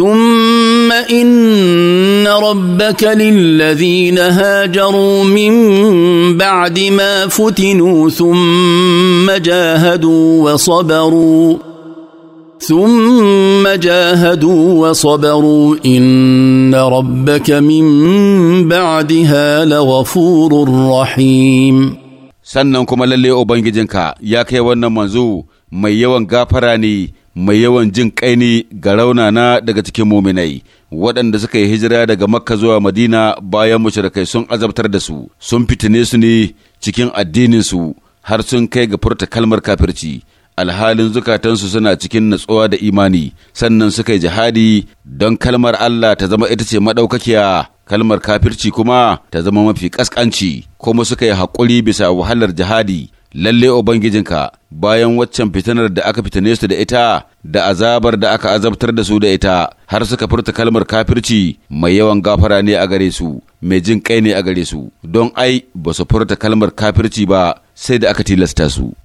ثم ان ربك للذين هاجروا من بعد ما فتنوا ثم جاهدوا وصبروا ثم جاهدوا وصبروا ان ربك من بعدها لغفور رحيم سنكم للي lalle ubangijinka ya kai wannan manzo mai mai yawan jin kai ne ga raunana daga cikin muminai waɗanda suka yi hijira daga makka zuwa madina bayan mushrikai sun azabtar da su sun fitine su ne cikin addininsu har sun kai ga furta kalmar kafirci alhalin zukatansu suna cikin natsuwa da imani sannan suka yi jihadi don kalmar Allah ta zama ita ce maɗaukakiya kalmar kafirci kuma ta zama mafi ƙasƙanci kuma suka yi haƙuri bisa wahalar jihadi lalle Ubangijinka bayan waccan fitanar da aka fitane su da ita da azabar da aka azabtar da su da ita har suka furta kalmar kafirci mai yawan gafara ne a gare su mai jin kai ne a gare su don ai ba su furta kalmar kafirci ba sai da aka tilasta su.